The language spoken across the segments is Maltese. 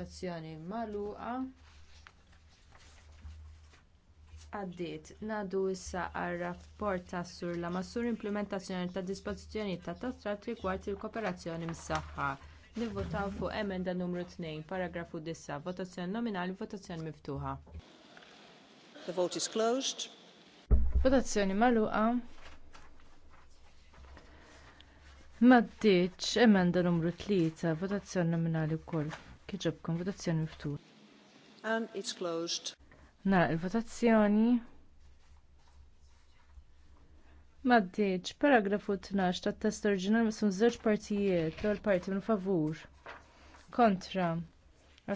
Votazzjoni magħluqa. Għaddiet, ngħaddu issa għar-rapport ta' sur la massur implementazzjoni ta' dispożizzjonijiet ta' trattat rigward il-kooperazzjoni mis-saħħa. Nivvotaw fuq emenda numru 2, paragrafu 9, votazzjoni nominali, votazzjoni miftuħa. The vote is closed. Votazzjoni magħluqa. Maddiċ, emenda numru 3, votazzjoni nominali wkoll. Kieġobkom votazzjoni miftuħ. And um, it's closed. Nara il-votazzjoni. Maddiċ, paragrafu 12 tat test oriġinali sun żewġ partijiet, l parti minn favur. Kontra.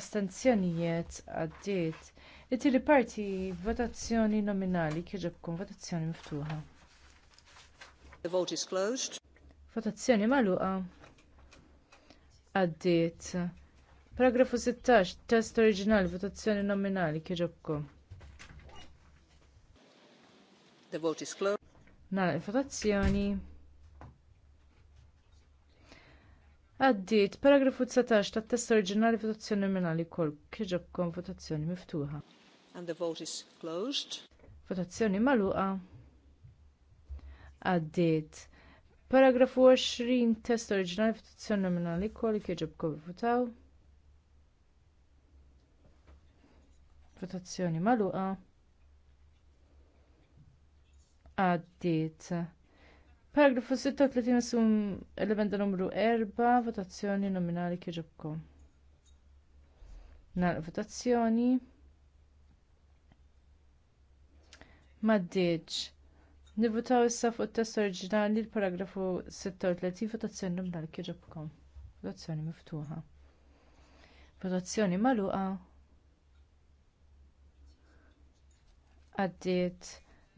Astenzjonijiet għaddiet. It-tieni parti votazzjoni nominali kieġobkom votazzjoni miftuħa. The vote is closed. Votazzjoni magħluqa. Għaddiet. Paragrafu 16, test oriġinali, votazzjoni nominali, kieġobko. The vote is closed. Nara votazzjoni. Għaddit, paragrafu 19 tat test oriġinali votazzjoni nominali kol kieġobkom votazzjoni miftuħa. And the vote is closed. Votazzjoni magħluqa. Għaddit. Paragrafu 20 test oriġinali votazzjoni nominali kol kieġobkom votaw. votazzjoni magħluqa għaddiet. Paragrafu 36 l elementa numru 4 votazzjoni nominali kieġobkom. Nagħlaq votazzjoni. Maddiċ. Nivutaw issa fuq it test oriġinali l-paragrafu 36 votazzjoni nominali kieġobkom. Votazzjoni miftuħa. Votazzjoni magħluqa. għaddiet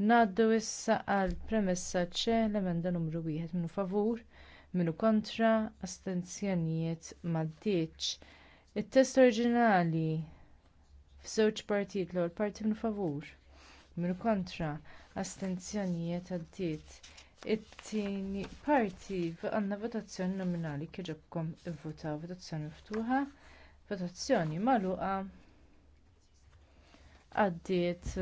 ngħaddu issa għall premessa ċe l-emenda numru wieħed minu favur minu kontra astenzjonijiet m'għaddiex. It-test oriġinali f'żewġ partijiet l-ewwel parti minu favur minu kontra astenzjonijiet għaddiet. It-tieni parti għandna votazzjoni nominali kieġobkom ivvutaw votazzjoni miftuħa, votazzjoni magħluqa għaddiet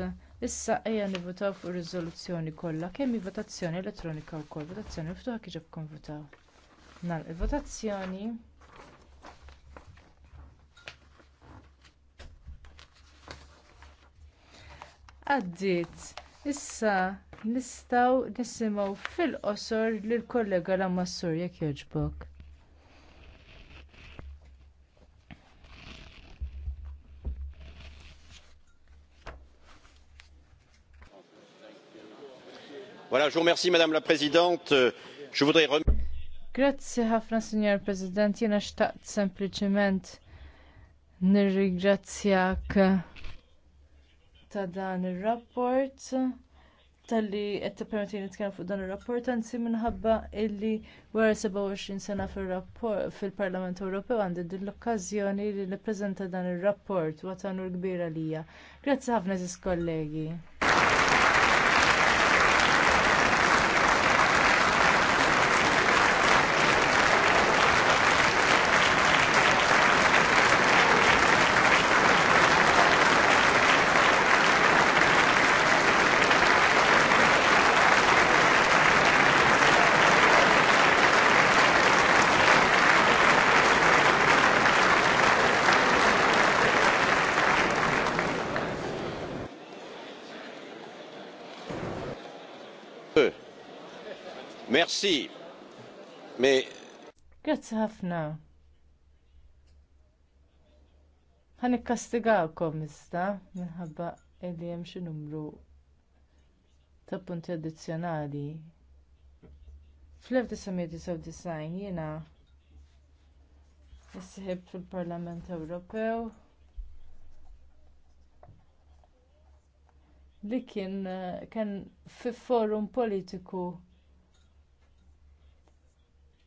Issa ejja nivvotaw fuq ir-riżoluzzjoni kollha kemm hi votazzjoni elettronika wkoll votazzjoni miftuħa kif ġabkom votaw. Nagħlaq il-votazzjoni. Għaddiet. Issa nistgħu nisimgħu fil-qosor lill kollega l Lamassur jekk jogħġbok. Voilà, je vous remercie, Madame la Présidente. Je voudrais Grazzi ħafna, Signor President, jena xtaqt sempliciment nirrigrazzjak ta' dan ir rapport tal-li qed tippermetti nitkellem fuq dan ir-rapport anzi minħabba illi wara 27 sena fil-Parlament Ewropew għandi din l-okkażjoni li nippreżenta dan ir-rapport u għatanu l-kbira lija. Grazzi ħafna eżis kollegi. Merci. Me... Grazzi ħafna. Ħanikkastigawkom iżda minħabba li hemm xi numru ta' punti addizzjonali. Fl-1999 jiena issieħeb fil-Parlament Ewropew li kien kien fi forum politiku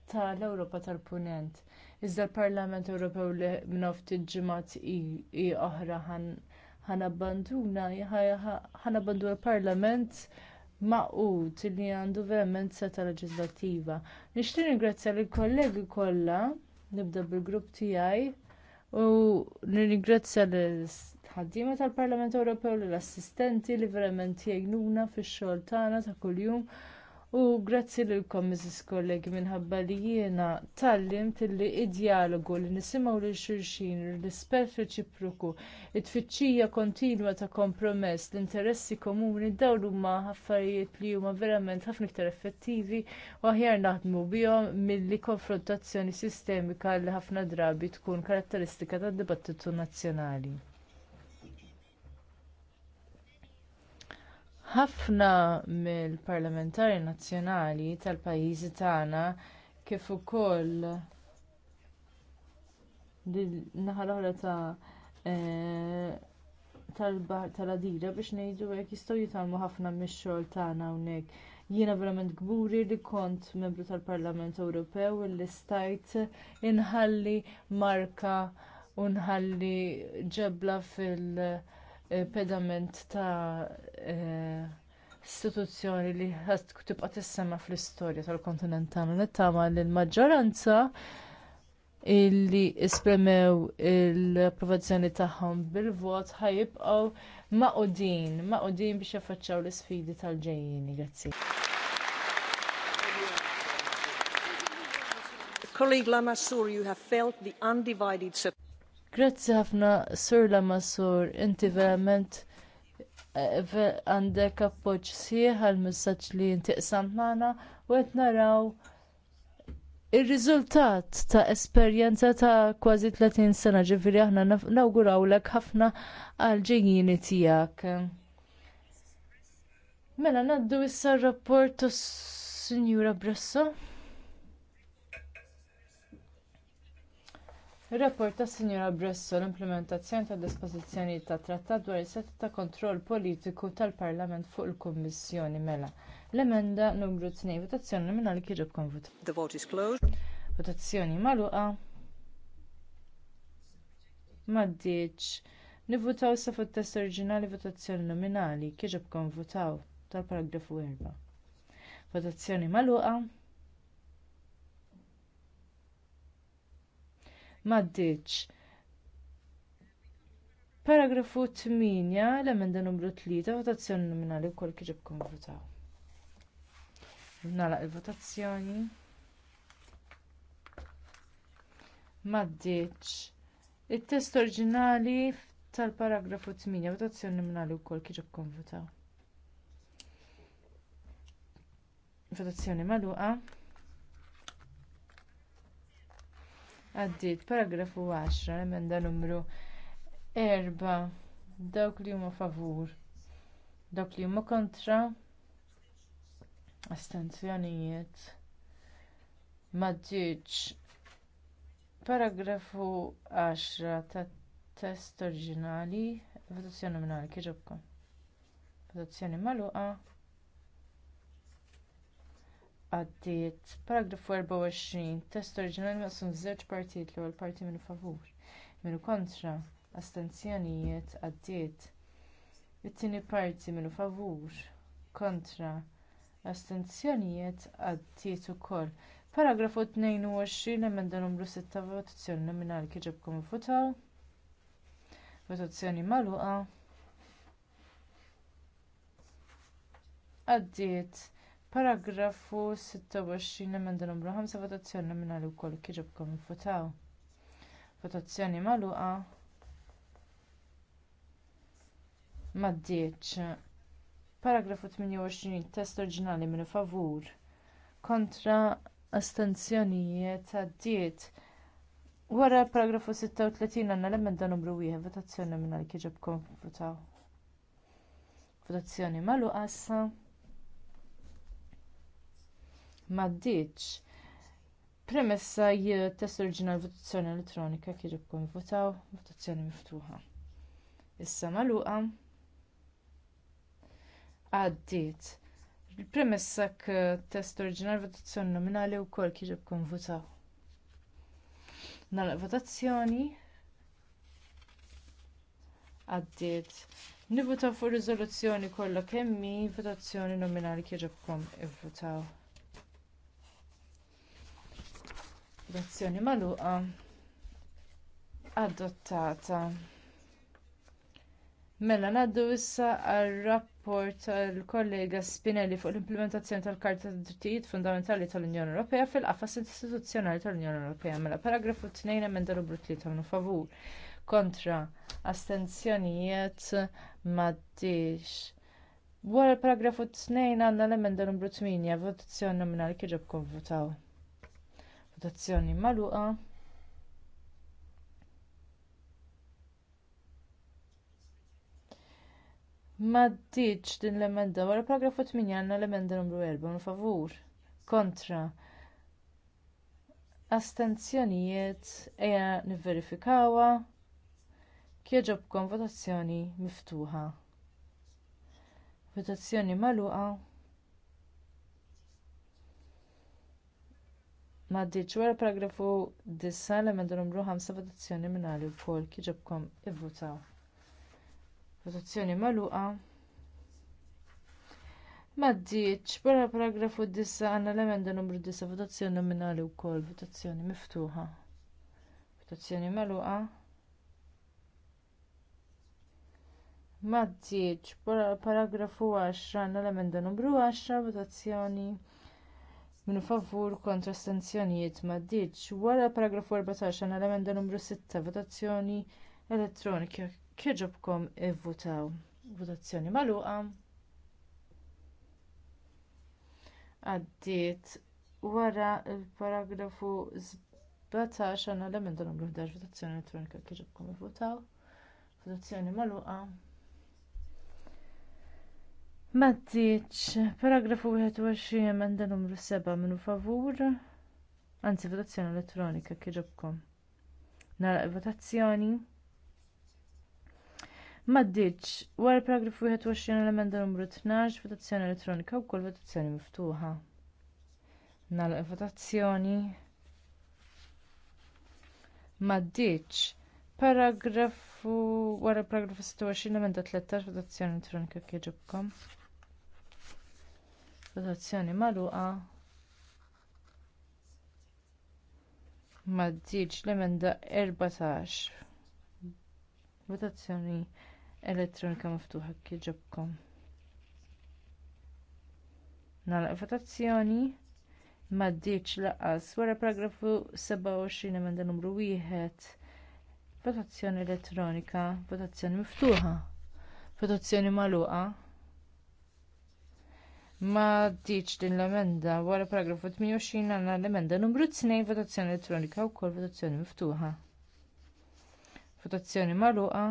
tal-Ewropa tal-Punent. Iżda l-Parlament Ewropew li minnof ġimgħat i oħra ħanabbanduna, ħanabbandu l-Parlament maqut li għandu verament seta leġislattiva. Nixtieq ringrazzja lill kollegi kollha, nibda bil-grupp tiegħi u nirringrazzja l-ħaddiema tal-Parlament Ewropew l assistenti li verament jgħinuna fix-xogħol tagħna ta' kuljum. U grazzi lilkom Mrs. Kollegi minħabba li jiena tallimt tilli id-dialogu li nisimgħu lil xulxin, l-rispett reċiproku, it-tfittxija kontinwa ta' kompromess, l-interessi komuni dawn huma affarijiet li huma verament ħafna iktar effettivi u aħjar naħdmu bihom milli konfrontazzjoni sistemika li ħafna drabi tkun karatteristika tad-dibattitu nazzjonali. ħafna mill-parlamentari nazzjonali tal-pajjiżi tagħna kif ukoll naħa l-oħra ta' e, tal-adira biex ngħidu hekk jistgħu jitalmu ħafna mix-xogħol tagħna hawnhekk. Jiena verament gburi li kont membru tal-Parlament Ewropew li stajt inħalli marka u nħalli ġebla fil- Eh, pedament ta' eh, istituzzjoni li ħast tibqa' tissema fl-istorja tal-kontinent tagħna nittama li l-maġġoranza illi esprimew l-approvazzjoni tagħhom bil-vot ħajibqgħu maqudin, maqudin biex jaffaċċaw l-isfidi tal-ġejjin. Grazzi. Colleague Lamassur, you have felt the undivided support. Grazzi ħafna Sur Lamassur, inti verament eh, għandek appoġġ sieħ għal messaġġ li intiqsam magħna u qed naraw Ir-riżultat ta' esperjenza ta' kważi 30 sena ġifiri aħna nawgurawlek ħafna għal ġejjini tiegħek. Mela naddu issa r-rapport tas Sinjura Bresso. Ir-rapport tas Sinjora Bresso l-implementazzjoni tad dispożizzjonijiet ta' trattat dwar is-setta ta' kontroll politiku tal-Parlament fuq il-Kummissjoni mela. L-emenda numru 2 votazzjoni nominali kien rebkom The vote is closed. Votazzjoni magħluqa. Maddiċ. nivvotaw sa fuq test oriġinali votazzjoni nominali kien rebkom tal-paragrafu 4. Votazzjoni magħluqa. maddiċ. Paragrafu 8, l-emenda numru 3, votazzjoni nominali wkoll kif ġibkom votaw. Nalaq il-votazzjoni. Maddiċ. Il-test oriġinali tal-paragrafu 8, votazzjoni nominali wkoll kif ġibkom votaw. Votazzjoni magħluqa. Għaddiet, paragrafu 10, emenda numru 4, dawk li huma favur, dawk li huma kontra, astenzjonijiet, maġġieċ. Paragrafu 10 tat test oriġinali, votazzjoni nominali, kieġobkom. Votazzjoni magħluqa għaddiet. Paragraf 24, test oriġinali maqsum żewġ partijiet l-ewwel parti minn favur, Minnu kontra, astenzjonijiet għaddiet. It-tieni parti minnu favur, kontra, astenzjonijiet għaddiet ukoll. Paragrafu 22, emenda numru 6 votazzjoni nominali kieġibkom votaw. Votazzjoni magħluqa. Għaddiet. Paragrafu 26 emenda numru 5 votazzjoni nominali wkoll kieġobkom infutaw. Votazzjoni magħluqa. Maddiċ. Paragrafu 28 test oriġinali minn favur kontra astenzjonijiet għaddiet. Wara paragrafu 36 għandna l-emenda numru 1, votazzjoni nominali kieġeb konfutaw. Votazzjoni malu għassa ddiċ. Premessa test oriġinali votazzjoni elettronika kif ikun votaw votazzjoni miftuħa. Issa magħluqa għaddiet. Il-premessa test oriġinali votazzjoni nominali wkoll kif ikun votaw. Nagħlaq votazzjoni għaddiet. Nivutaw fuq riżoluzzjoni kollha kemm votazzjoni nominali kif ikun ivvutaw. l-azzjoni magħluqa adottata. Mela ngħaddu issa għar-rapport tal-kollega Spinelli fuq l-implementazzjoni tal-Karta tad Drittijiet Fundamentali tal-Unjoni Ewropea fil-qafas istituzzjonali tal-Unjoni Ewropea. Mela paragrafu 2 emenda rubru 3 favur kontra astenzjonijiet m'għaddix. Wara paragrafu 2 għandna l-emenda numru 8, votazzjoni nominali kieġob konvotaw. Votazzjoni magħluqa. Ma ddiċ din l-emenda wara paragrafu 8 għandna l-emenda numru 4 un favur. Kontra. Astenzjonijiet eja nivverifikawa. Kieġobkom votazzjoni miftuħa. Votazzjoni magħluqa. Maddiċ wara paragrafu disa l-emenda numru 5 votazzjoni minnali wkoll kif ġobkom ivvutaw. Votazzjoni magħluqa. Maddiċ, barra paragrafu 9 għandna l-emenda numru 9 votazzjoni nominali wkoll, votazzjoni miftuħa. Votazzjoni magħluqa. Maddiċ, barra paragrafu 10 għandna l-emenda numru 10 votazzjoni minn favur kontra mad m'għaddiex. Wara paragrafu 14 għandna l-emenda numru 6 votazzjoni elettronika. Kieġobkom ivvutaw. Votazzjoni magħluqa. Għaddiet wara l-paragrafu 17 għandna l-emenda numru 11 votazzjoni elettronika. Kieġobkom ivvutaw. Votazzjoni magħluqa. Mattiċ, paragrafu 21 emenda numru 7 minu favur, anzi votazzjoni elettronika kieġobkom. Nara votazzjoni. Maddiċ, wara paragrafu 21 l-emenda numru 12, votazzjoni elettronika u kol votazzjoni miftuħa. Nara votazzjoni. Maddiċ, paragraf Fu wara paragrafu 26 emenda 13 votazzjoni elettronika kieġibkom. Votazzjoni magħluqa. Maddiġ l-emenda 14. Votazzjoni elettronika miftuħa kieġibkom. Nagħlaq votazzjoni Maddiċ laqas wara paragrafu 27 emenda numru 1 Votazzjoni elettronika, votazzjoni miftuħa, votazzjoni magħluqa. Ma diċ din l-emenda wara paragrafu 28 għandna l-emenda numru 2 votazzjoni elettronika wkoll votazzjoni miftuħa. Votazzjoni magħluqa.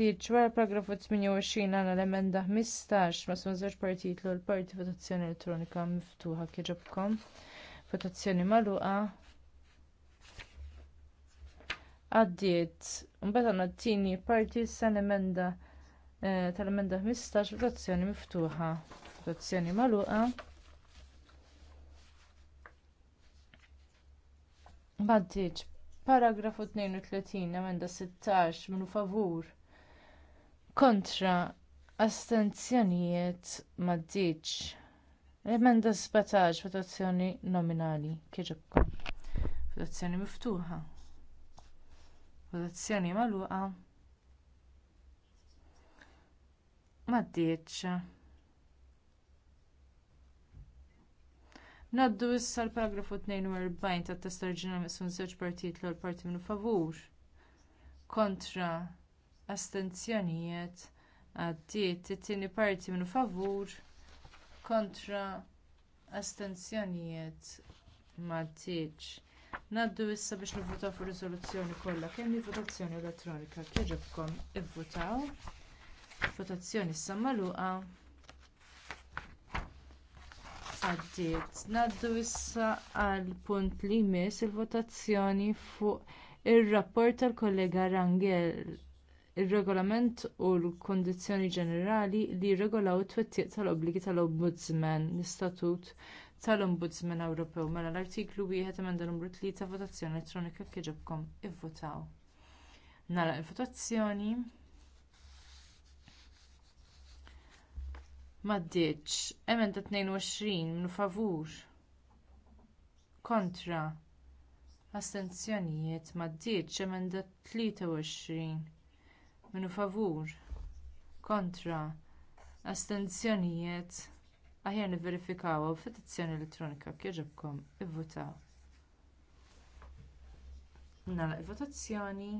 diċ wara paragrafu 28 għanna l-emenda 15 ma' żewġ partijiet l parti votazzjoni elettronika miftuħa kieġobkom votazzjoni magħluqa għaddiet mbagħad għandna t-tieni parti emenda eh, tal-emenda 15 votazzjoni miftuħa votazzjoni magħluqa m'għaddiex paragrafu 32 emenda 16 minu favur kontra astenzjonijiet m'għaddiex Emenda 17, votazzjoni nominali. Kieġobkom. Votazzjoni miftuħa. Votazzjoni magħluqa. Maddiċ. Naddu issa l-paragrafu 42 tat test oriġinali maqsum żewġ partijiet l parti minnu favur. Kontra astenzjonijiet għaddiet it-tieni parti minnu favur kontra astenzjonijiet m'għaddiex. Naddu issa biex nivvotaw fuq riżoluzzjoni kollha kemm votazzjoni elettronika kieġibkom ivvutaw. Votazzjoni issa magħluqa. Għaddiet. Naddu issa għal punt li jmiss il-votazzjoni fuq ir-rapport tal-kollega Rangel ir-regolament u l-kundizzjoni ġenerali li jirregolaw it-twettiq tal-obbligi tal-ombudsman l-istatut tal-ombudsman Ewropew mela l-artiklu wieħed emenda numru 3 votazzjoni elettronika kif ivvotaw. ivvutaw. Nara il-votazzjoni Maddiċ, emenda 22 minu favur kontra astenzjonijiet maddiċ emenda 23 minu favur kontra astenzjonijiet aħjar niverifikaw għaw f'edizzjoni elettronika kieġibkom ivvutaw. Nagħlaq il-votazzjoni.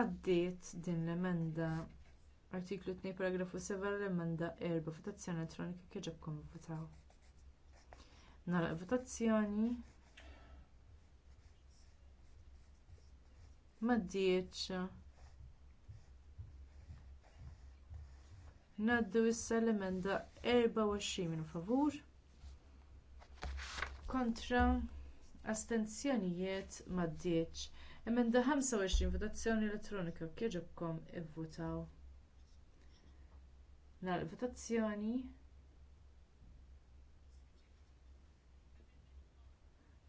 Għaddiet din l-emenda artiklu 2 paragrafu 7 l-emenda 4 votazzjoni elettronika kieġibkom i-votaw. Nagħlaq il-votazzjoni. maddieċ. Naddu issa l-emenda 24 minn favur. Kontra astenzjonijiet maddieċ. Emenda 25 votazzjoni elettronika kieġobkom ivvutaw. Nal votazzjoni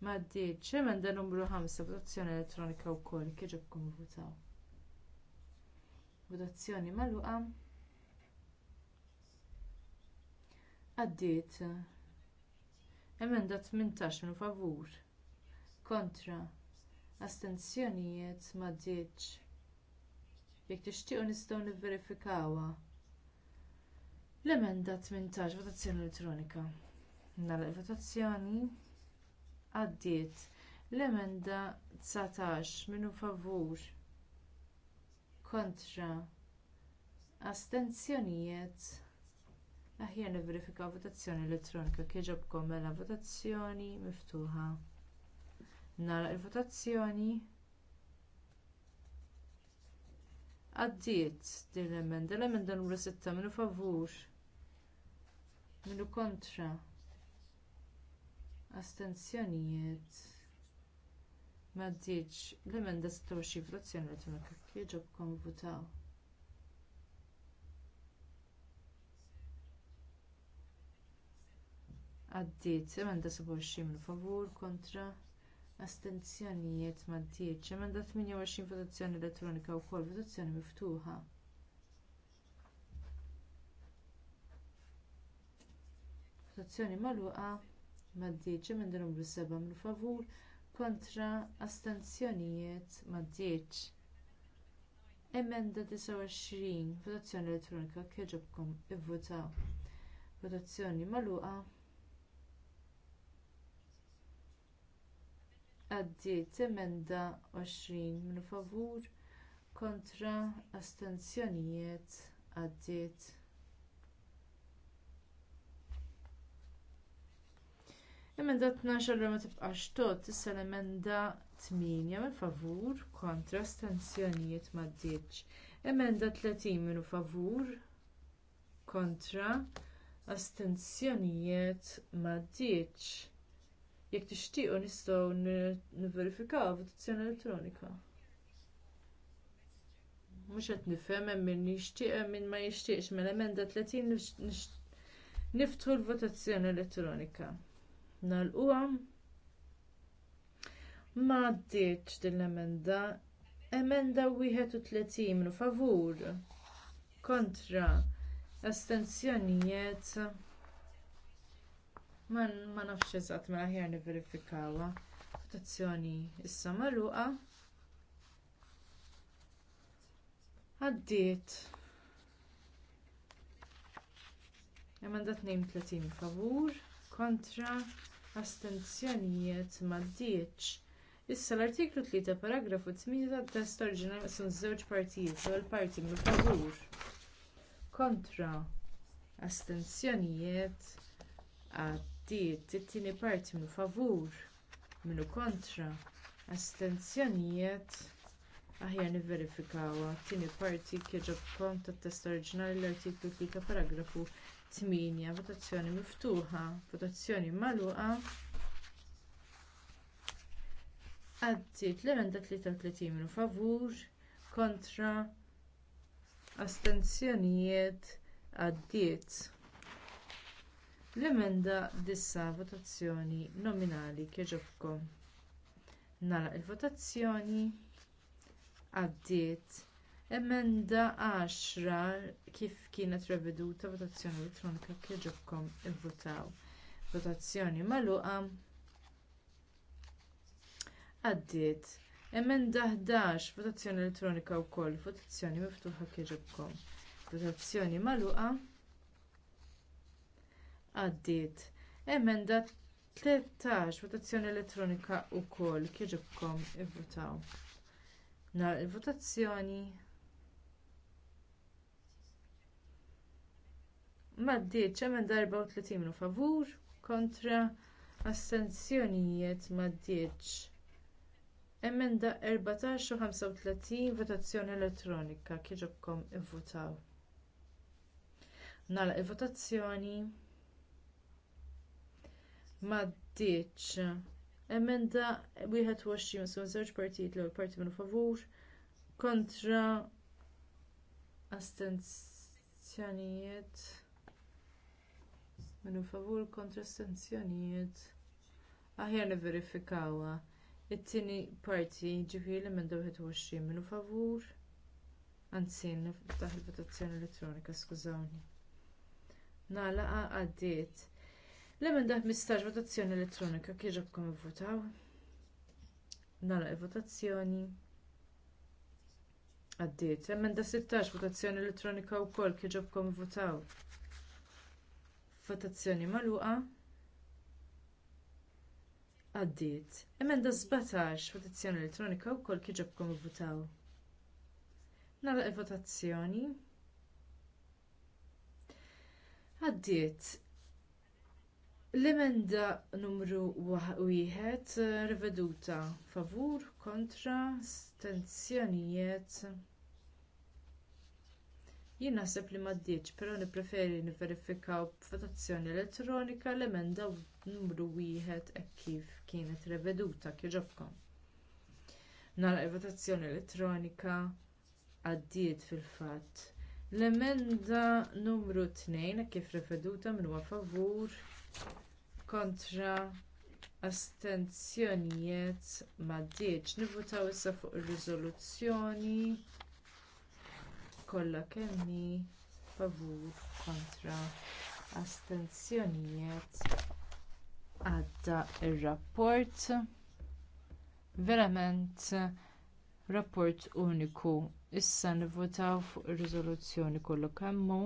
Maddiċ, emenda numru 5, votazzjoni elettronika wkoll kif ġobkom votaw. Votazzjoni magħluqa. Għaddiet. Emenda 18 minu favur. Kontra. Astenzjonijiet maddiċ. Jekk tixtiequ nistgħu nivverifikawha. L-emenda 18 votazzjoni elettronika. Nagħlaq votazzjoni għaddiet. L-emenda 19 minu favur kontra astenzjonijiet aħjar nivverifika votazzjoni elettronika kieġobkom mela votazzjoni miftuħa. Nara il-votazzjoni. Għaddiet din l-emenda, l-emenda numru 6 minu favur, minu kontra, astenzjonijiet ma ddiċ l-emenda 26 votazzjoni elettronika kieġobkom votaw. Għaddiet, emenda 27 minn favur kontra astenzjonijiet ma ddiċ, emenda 28 votazzjoni elettronika u kol votazzjoni miftuħa. Votazzjoni magħluqa maddieċ emenda numru seba' minn favur kontra astenzjonijiet maddieċ. Emenda 29 votazzjoni elettronika kieġobkom ivvutaw. Votazzjoni magħluqa. Għaddiet emenda 20 minn favur kontra astenzjonijiet għaddiet. Emenda 12 allura ma tibqax tot, issa l-emenda 8 minn favur kontra stanzjonijiet ma ddiċ. Emenda 30 minu favur kontra astenzjonijiet ma ddiċ. Jekk tixtiequ nistgħu nivverifikaw votazzjoni elettronika. Mhux qed nifhem hemm min jixtieq hemm ma jixtieqx mela emenda 30 niftħu l-votazzjoni elettronika. Nalquha. Ma għaddiet din l-emenda. Emenda 31 minu favur. Kontra. Astenzjonijiet. Man, ma nafx eżatt mela ħjar niverifikawa. Votazzjoni issa magħluqa. Għaddiet. emenda 32 favur kontra astenzjonijiet m'għaddiex. Issa l-artiklu 3 paragrafu 8 tat-test oriġinali qisem żewġ partijiet l parti minn favur kontra astenzjonijiet għaddiet it-tieni parti minn favur minnu kontra astenzjonijiet aħjar nivverifikawha t-tieni parti kont tat-test oriġinali l-artiklu 3 paragrafu Tminja votazzjoni miftuħa, votazzjoni magħluqa. Għaddit l-emenda 33 minu favur, kontra, astenzjonijiet, għaddiet. L-emenda dissa votazzjoni nominali kieġobkom. Nagħlaq il-votazzjoni għaddiet Emenda 10 kif kienet reveduta votazzjoni elettronika kif ġobkom ivvutaw. Votazzjoni magħluqa għaddiet. Emenda 11 votazzjoni elettronika wkoll, votazzjoni miftuħa kif ġobkom. Votazzjoni magħluqa għaddiet. Emenda 13 votazzjoni elettronika wkoll kif ġobkom ivvutaw. Nar il-votazzjoni maddiċ emenda 34 minu favur kontra astensjonijiet maddiet Emenda 14 u votazzjoni elettronika kieġobkom ivvotaw. Nagħlaq il-votazzjoni maddiċ. Emenda 21 su żewġ partijiet l-ewwel parti minu favur kontra Astenzjonijiet. Minu favur kontra sanzjonijiet. Aħjar niverifikawa. It-tieni parti ġifieri l-emenda 21 minu favur. Anzi, niftaħ il-votazzjoni elettronika, skużawni. Nalaqa għaddiet. L-emenda 15 votazzjoni elettronika kieġobkom votaw. Nagħlaq il-votazzjoni. Għaddiet. Emenda 16 votazzjoni elettronika wkoll kieġobkom votaw. Votazzjoni magħluqa. Għaddiet. Emenda 17 votazzjoni elettronika wkoll kif ġobkom votaw. Nagħlaq il-votazzjoni. Għaddiet. L-emenda numru wieħed eh, riveduta favur kontra stenzjonijiet. Jien naħseb li m'għaddietx, però nippreferi nifverifikaw b'votazzjoni elettronika l-emenda numru wieħed hekk kif kienet reveduta kieġobkom. Nara votazzjoni elettronika għaddiet fil-fatt. L-emenda numru 2 e kif reveduta minn huwa favur kontra astenzjonijiet maddiċ. Nivvotaw issa fuq ir-riżoluzzjoni kollha hi favur kontra astensjonijiet għadda ir-rapport verament rapport uniku issa nivvotaw fuq ir-riżoluzzjoni kollha kemm hu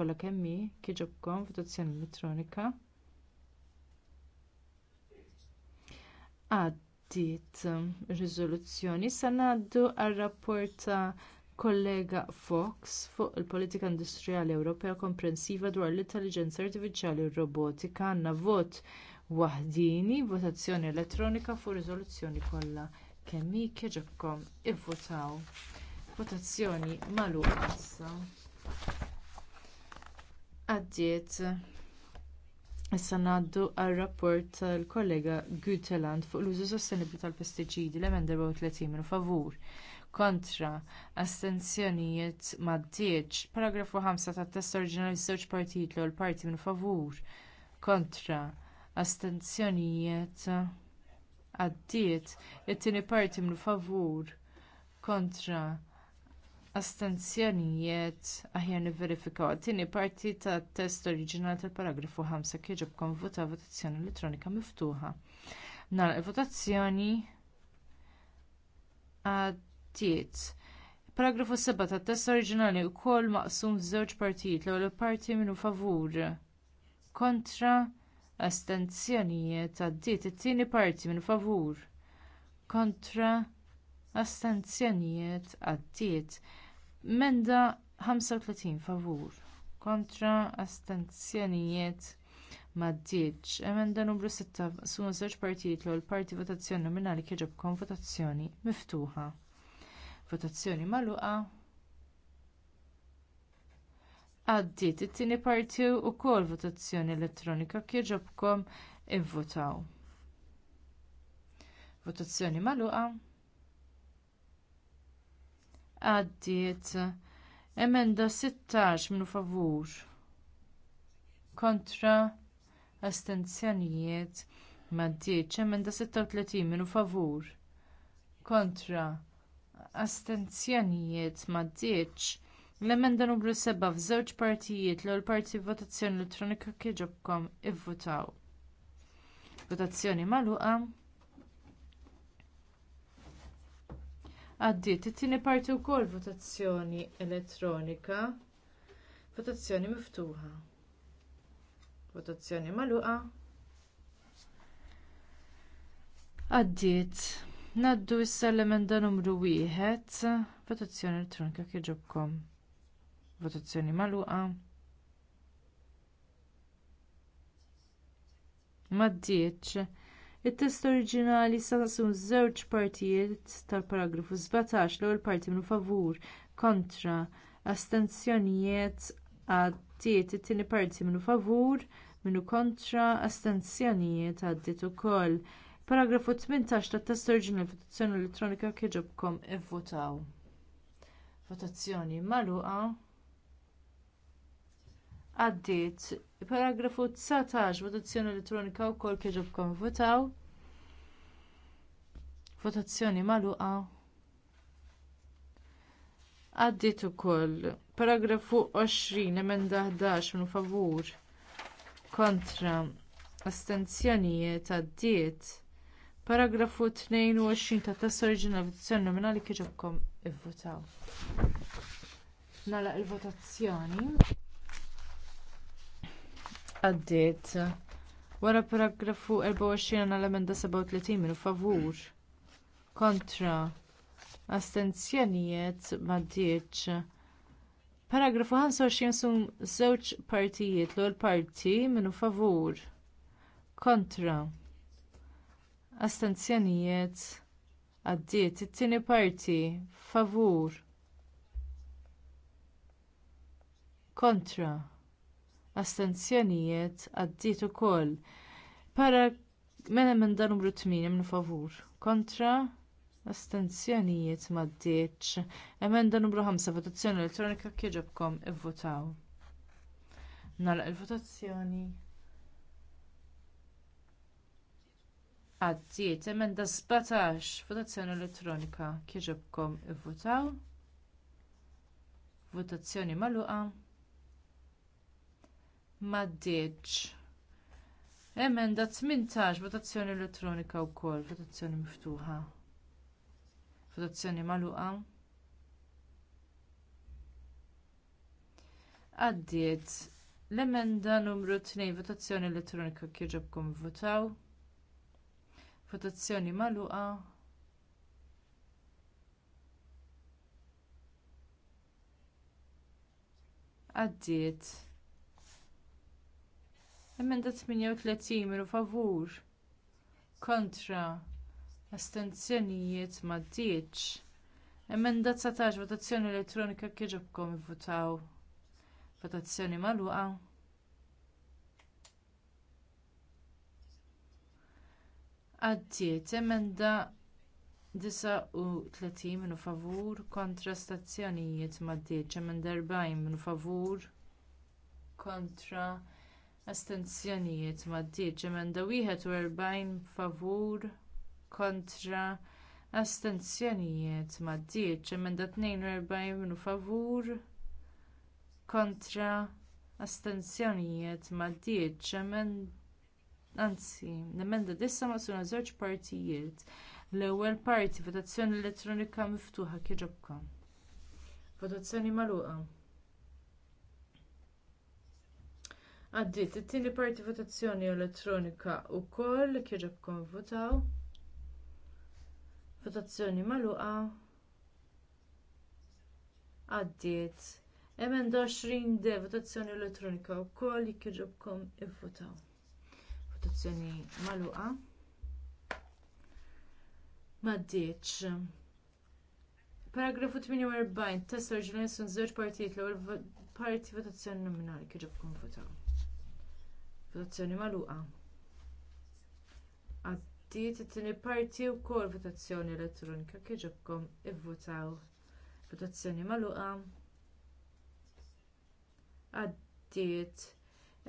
kollha kemm hi votazzjoni elettronika għaddiet ir-riżoluzzjoni issa ngħaddu għar-rapport ta' kollega Fox fuq il-politika industrijali Ewropea komprensiva dwar l-intelligenza artifiċjali u r-robotika għandna vot waħdini, votazzjoni elettronika fuq riżoluzzjoni kollha kemm jieġobkom ivvutaw. Votazzjoni magħluqa issa. Għaddiet issa ngħaddu għar-rapport tal-kollega Guteland fuq l-użu sostenibbli tal-pestiċidi l-emenda 34 minn favur kontra astenzjonijiet m'għaddiex. Paragrafu 5 tat-test oriġinali żewġ partijiet l parti minn favur kontra astenzjonijiet għaddiet. It-tieni parti minn favur kontra astenzjonijiet aħjar nivverifikaw it-tieni parti tat-test oriġinali tal-paragrafu 5 kif ġobkom vota votazzjoni elettronika miftuħa. Nagħlaq il-votazzjoni għad tiet. Paragrafu 7 tat test oriġinali wkoll maqsum f'żewġ partijiet l-ewwel parti minnu favur kontra astenzjonijiet għaddiet it-tieni parti minn favur kontra astenzjonijiet għaddiet. Menda 35 favur kontra astenzjonijiet m'għaddiex. Emenda numru 6 suma żewġ partijiet l-ewwel parti votazzjoni nominali kieġobkom votazzjoni miftuħa. Votazzjoni magħluqa. Għaddiet it-tieni parti wkoll votazzjoni elettronika kif ġobkom Votazzjoni magħluqa. Għaddiet emenda 16 minu favur kontra astenzjonijiet ma' 10 emenda 36 minu favur kontra astenzjonijiet m'għaddiex. L-emenda numru 7 f'żewġ partijiet l parti votazzjoni elettronika kif ġobkom ivvutaw. Votazzjoni magħluqa. Għaddiet it-tieni parti wkoll votazzjoni elettronika. Votazzjoni miftuħa. Votazzjoni magħluqa. Għaddiet. Naddu issa l-emenda numru wieħed, votazzjoni elettronika kieġobkom. Votazzjoni magħluqa. Maddieċ. Il-test oriġinali sa nasum żewġ partijiet tal-paragrafu 17 l-ewwel parti minnu favur kontra astenzjonijiet għaddiet it-tieni parti minnu favur minnu kontra astenzjonijiet għaddiet ukoll. koll Paragrafu 18 tat test oriġinali votazzjoni elettronika kieġobkom ivvotaw. Votazzjoni magħluqa. Għaddiet. Paragrafu 19 votazzjoni elettronika wkoll kieġobkom ivvotaw. Votazzjoni magħluqa. Għaddiet ukoll. Paragrafu 20 emenda 11 minn favur kontra astenzjonijiet għaddiet Paragrafu 22 ta' tas oriġinali votazzjoni nominali kieġobkom ivvotaw. Nala il-votazzjoni. Għaddiet. Wara paragrafu 24 għandna emenda 37 minu favur. Kontra. Astenzjonijiet ma' Paragrafu 25 sum żewġ partijiet l-ewwel parti minu favur. Kontra astenzjonijiet għaddiet it-tieni parti favur kontra astenzjonijiet għaddiet ukoll para mela minn dan numru 8 minn favur kontra astenzjonijiet m'għaddiex emenda numru 5 votazzjoni elettronika kieġobkom ivvotaw nagħlaq il-votazzjoni Għaddiet, emenda 17, votazzjoni elettronika. Kieġobkom ivvutaw. Votazzjoni magħluqa. Maddiċ. Emenda 18, votazzjoni elettronika wkoll, votazzjoni miftuħa. Votazzjoni magħluqa. Għaddiet, l-emenda numru 2, votazzjoni elettronika kieġobkom votaw votazzjoni magħluqa għaddiet emenda 38 miru favur kontra astenzjonijiet ma m'għaddiex emenda 19 votazzjoni elettronika kieġobkom votaw. votazzjoni magħluqa Għaddiet emenda 39 minu favur kontra stazzjonijiet maddiet emenda 40 minu favur kontra astenzjonijiet maddiet emenda 41 favur kontra astenzjonijiet maddiet emenda 42 minu favur kontra astenzjonijiet maddiet emenda anzi, l-emenda dissa maqsuna żewġ partijiet. L-ewwel parti votazzjoni elettronika miftuħa kieġobka. Votazzjoni magħluqa. Għaddit, it-tieni parti votazzjoni elettronika wkoll kieġobkom votaw. Votazzjoni magħluqa. Għaddiet. Emenda 20 de votazzjoni elettronika wkoll kieġobkom ivvotaw votazzjoni magħluqa. Maddiċ. Paragrafu 48, test oriġinali sun żewġ partijiet l ewwel parti votazzjoni nominali kif ġobkom votaw. Votazzjoni magħluqa. Għaddiet it-tieni parti wkoll votazzjoni elettronika kif ivvotaw. Votazzjoni magħluqa. Għaddiet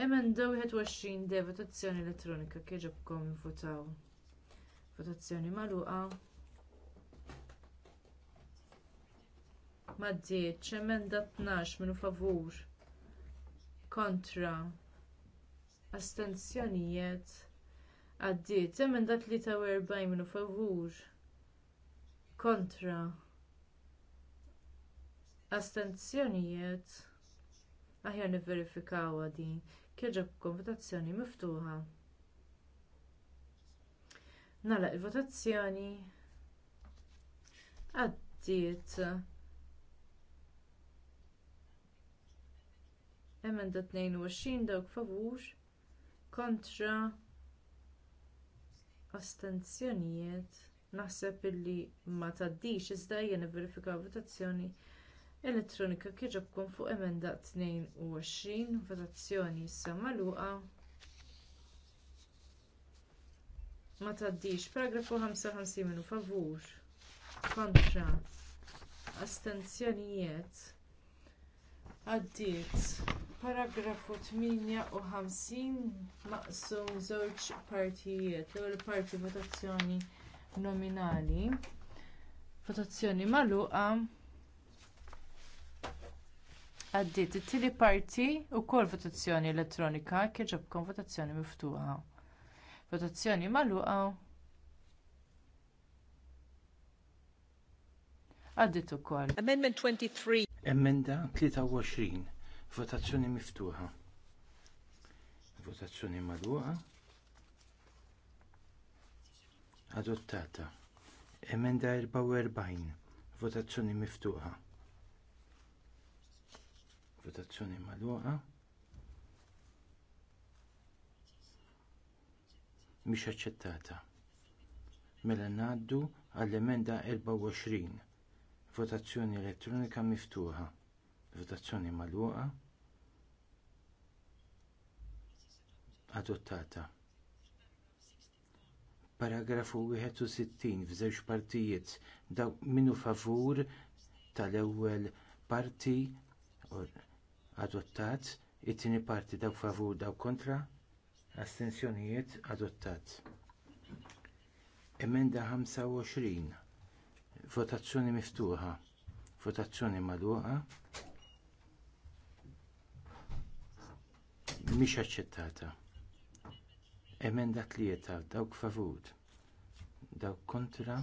Emenda 21 de votazzjoni elettronika kieġobkom votaw. Votazzjoni magħluqa. Maddiet, emenda 12 minu favur. Kontra. Astenzjonijiet. Għaddiet, emenda 43 minu favur. Kontra. Astenzjonijiet. Aħjar niverifikaw din kieġobkom votazzjoni miftuħa. Nagħlaq il-votazzjoni għaddiet emenda 22 dawk favux kontra astenzjonijiet naħseb illi ma taddix iżda hija nivverifika votazzjoni elettronika kiġobkom fuq emenda 22 votazzjoni issa magħluqa. ma tgħaddix paragrafu 55 minu favur kontra astenzjonijiet għaddiet paragrafu 58 maqsum żewġ partijiet l-ewwel parti votazzjoni nominali votazzjoni magħluqa Għaddit, it-tili parti u kol votazzjoni elettronika kieġobkom votazzjoni miftuħa. Votazzjoni maluqa. Għaddit u kol. Amendment 23. Emenda 23. Votazzjoni miftuħa. Votazzjoni maluqa. Adottata. Emenda 44. Votazzjoni miftuħa votazzjoni magħluqa. Mhix aċċettata. Mela ngħaddu għall-emenda 24. Votazzjoni elettronika miftuħa. Votazzjoni magħluqa. Adottata. Paragrafu 61 f'żewġ partijiet daw minu favur tal-ewwel parti adottat, it-tieni parti dawk favur dawk kontra, astensjonijiet adottat. Emenda 25, votazzjoni miftuħa, votazzjoni magħluqa, mhix aċċettata. Emenda tlieta dawk favur, dawk kontra,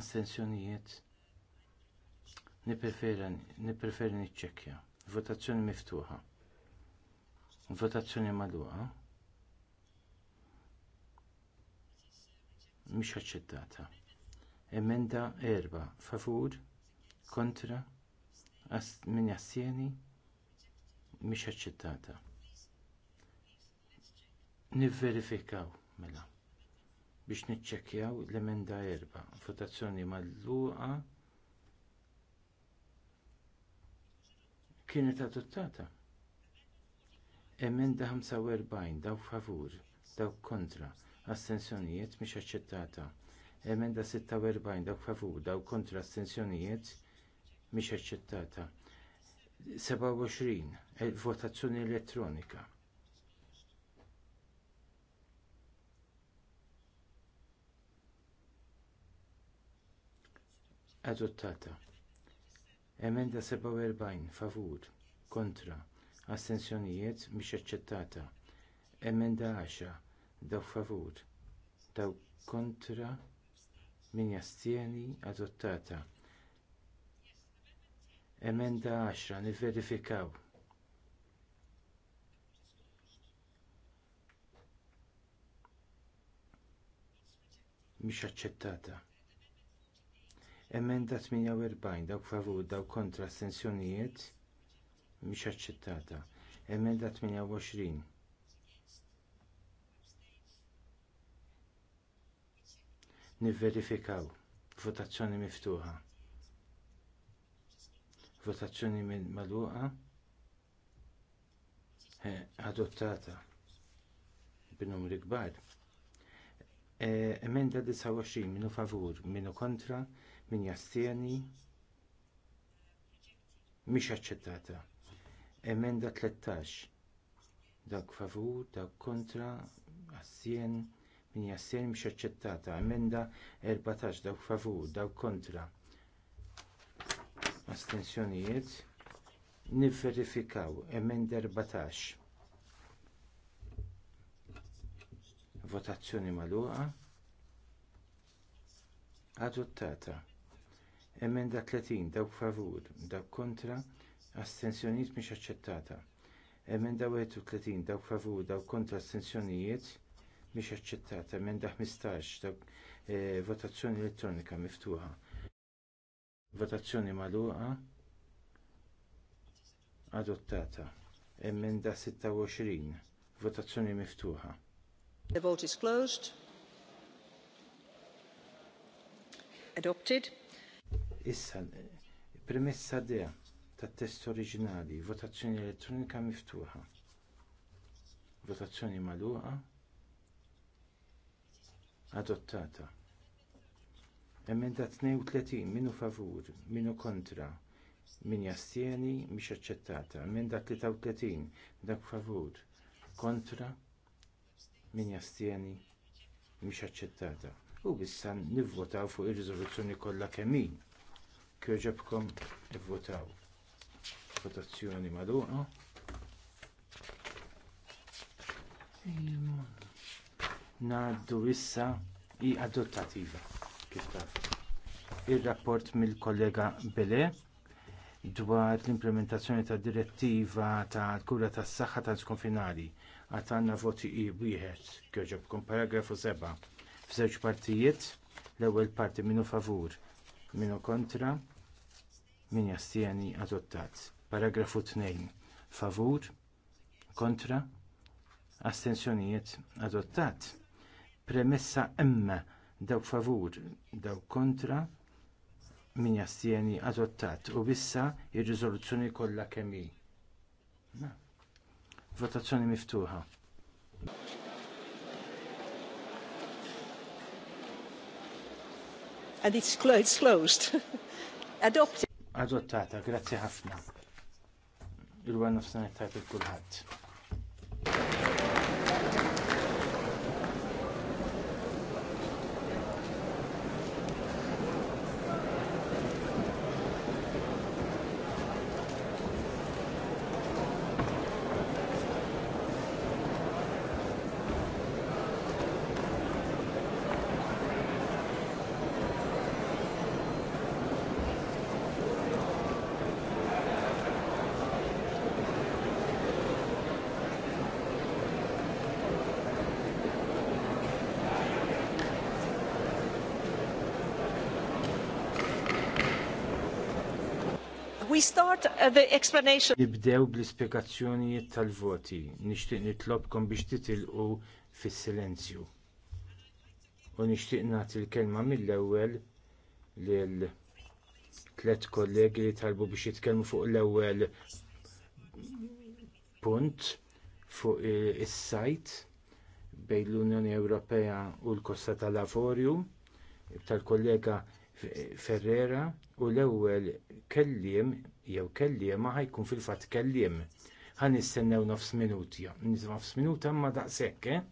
astensjonijiet Nippreferi niċċekkja. Votazzjoni miftuħa. Votazzjoni magħluqa. Mhix aċċettata. Emenda erba. Favur. Kontra. Min jassieni. Mhix aċċettata. Nivverifikaw mela biex niċċekkjaw l-emenda erba. Votazzjoni magħluqa. kienet adottata. Emenda 45 daw favur, daw kontra, astensjonijiet mhix aċċettata. Emenda 46 daw favur, daw kontra, astensjonijiet mhix aċċettata. 27 eh, votazzjoni elettronika. Adottata. Emenda 47 favur kontra astensjonijiet mhix aċċettata. Emenda 10 daw favur daw kontra min jastieni adottata. Emenda 10 nivverifikaw. Mhix aċċettata. Emenda 48, dawk favur, dawk kontra astensjonijiet mhix aċċettata. Emenda 28. Nivverifikaw. Votazzjoni miftuħa. Votazzjoni magħluqa. Adottata. B'numri kbar. E, emenda 29 minu favur, minu kontra, min jastieni mhix aċċettata. Emenda 13. Dak favur, dak kontra, assien, min jassien mhix aċċettata. Emenda 14. Dak favur, dak kontra. Astensjonijiet. Nivverifikaw. Emenda 14. Votazzjoni magħluqa. Adottata. Emenda 30, dawk favur, dawk kontra, astensjonijiet mhix aċċettata. Emenda 31, dawk favur, dawk kontra astensjonijiet mhix aċċettata. Emenda 15, dawk eh, votazzjoni elettronika miftuħa. Votazzjoni magħluqa adottata. Emenda 26, votazzjoni miftuħa. The vote is closed. Adopted. Issa, premessa de tat test oriġinali, votazzjoni elettronika miftuħa. Votazzjoni magħluqa. Adottata. Emenda 32 minu favur, minu kontra, min jastieni, mhix aċċettata. Emenda 33 dak favur, kontra, min jastieni, mhix aċċettata. U issa nivvotaw fuq ir-riżoluzzjoni kollha kemm Kjoġobkom votaw. Votazzjoni magħluqa. Naddu issa i adottativa kif taf. Ir-rapport mill-kollega Bele dwar l-implementazzjoni tad direttiva tal kura tas saħħa skonfinali, għad għandna voti i wieħed kjoġobkom paragrafu 7 f'żewġ partijiet l-ewwel parti minnu favur minu kontra, min jastieni adottat. Paragrafu 2. Favur, kontra, astensjonijiet adottat. Premessa emma dawk favur, dawk kontra, min jastieni adottat. U issa ir-riżoluzzjoni kollha kemm hi. Votazzjoni miftuħa. and it's, clo it's closed. Adopted. Adottata, grazie ħafna. Il-għan nafsanet tajt il-kulħadd. we start uh, the explanation. Nibdew bl-ispjegazzjonijiet tal-voti. Nixtieq nitlobkom biex titilqu fis-silenzju. U nixtieq nagħti l-kelma mill-ewwel lil tliet kollegi li talbu biex jitkellmu fuq l-ewwel punt fuq eh, is-sajt bejn l-Unjoni Ewropea u l-Kosta tal lavorju tal-kollega Ferrera u l-ewwel kelliem jew kelliema ħajkun fil-fatt kelliem. Ħan nistennew nofs minuti, nofs minuta ma daqshekk, eh?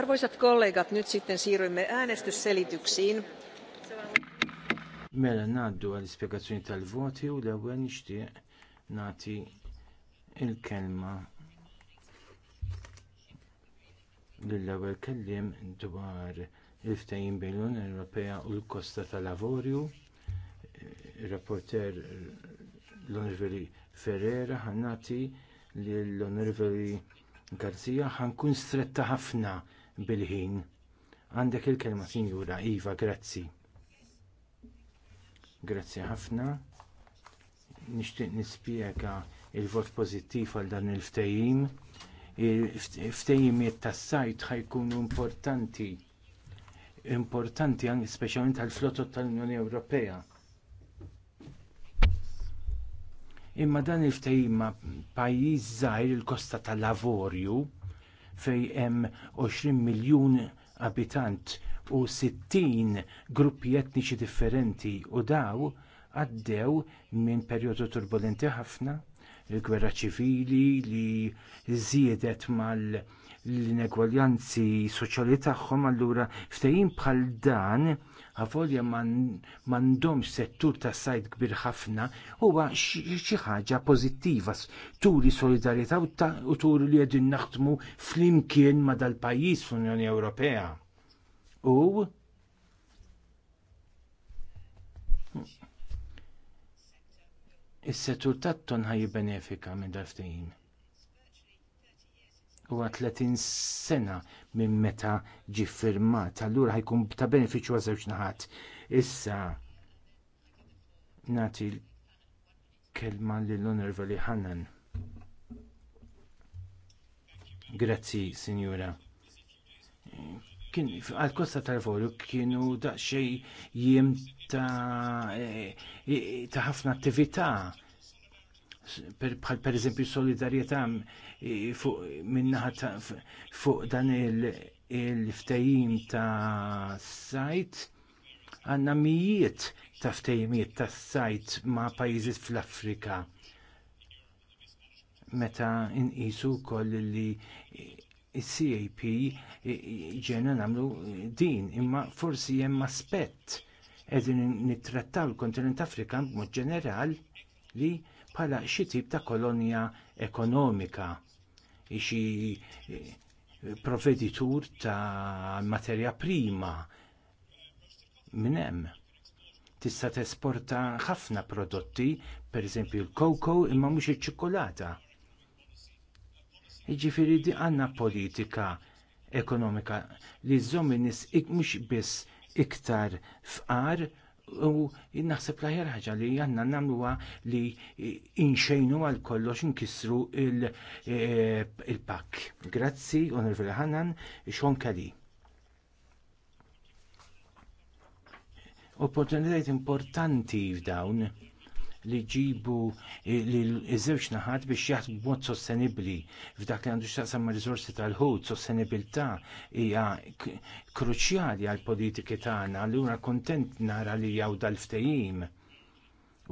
Arvoisat kollegat, nyt sitten siirrymme äänestysselityksiin. Mela naddu għal spiegazzjoni tal-voti u l-ewwel nixtieq nagħti il-kelma lill-ewwel kelliem dwar il-ftehim bejn l-Unjoni Ewropea u l-Kosta tal-Lavorju, rapporter l-Onorevoli Ferrera ħannati lill-Onorevoli Garzija ħankun stretta ħafna bil-ħin. Għandek il-kelma, Sinjura, Iva, grazzi. Grazzi ħafna. Nixtieq nispjega il-vot pożittiv għal dan il-ftejim. Il-ftejimiet tas-sajt ħajkunu importanti importanti għan specialment għal flotto tal-Unjoni Ewropea. Imma dan il-ftejma pajjiż żgħir il-kosta tal-lavorju fejn hemm 20 miljun abitant u 60 gruppi etniċi differenti u daw għaddew minn perjodu turbolenti ħafna, il-gwerra ċivili li żiedet mal l-inegwaljanzi soċjali tagħhom allura ftehim bħal dan għafolja m'għandhomx settur ta' sajd kbir ħafna huwa xi ħaġa pożittiva turi solidarjetà u turi li qegħdin naħdmu flimkien ma' dal-pajjiż fl-Unjoni Ewropea. U is-settur tat-ton ħaj benefika minn dal U 30 sena minn meta ġie ffirmat, allura ħajkun ta' benefiċċju għal żewġ naħat. Issa nagħti l-kelma lill onorvali Hannan. Grazzi, Sinjura. Kien għal kosta tal-volu kienu daqsxejn jiem eh, eh, ta' ħafna attività bħal per eżempju solidarieta mm, fuq minnaħa fuq dan il-ftajim ta' sajt għanna mijiet ta' ftejmiet ta' sajt ma' pajjiżi fl-Afrika. Meta inqisu wkoll li il-CAP ġena nagħmlu din, imma forsi hemm aspett qegħdin nittrattaw il-kontinent Afrikan b'mod ġeneral li bħala xi tip ta' kolonja ekonomika, xi eh, provveditur ta' materja prima minn hemm. Tista' tesporta ħafna prodotti, pereżempju l-koko imma mhux iċ-ċokolata. Jiġifieri di għandna politika ekonomika li żżomm in-nies mhux biss iktar fqar U naħseb l aħjar ħaġa li għanna namluwa li inxejnu għal kollox inkissru e, il-pak. Grazzi, onorevole ħannan, xon kali. Opportunitajt importanti f'dawn li ġibu eh, l-żewġ naħat biex jaħdmu b'mod sostenibbli f'dak li għandu xtaqsam ma' tal-ħut, sostenibilità hija kruċjali għall politiki tagħna, allura kuntent nara li jaw dal-ftehim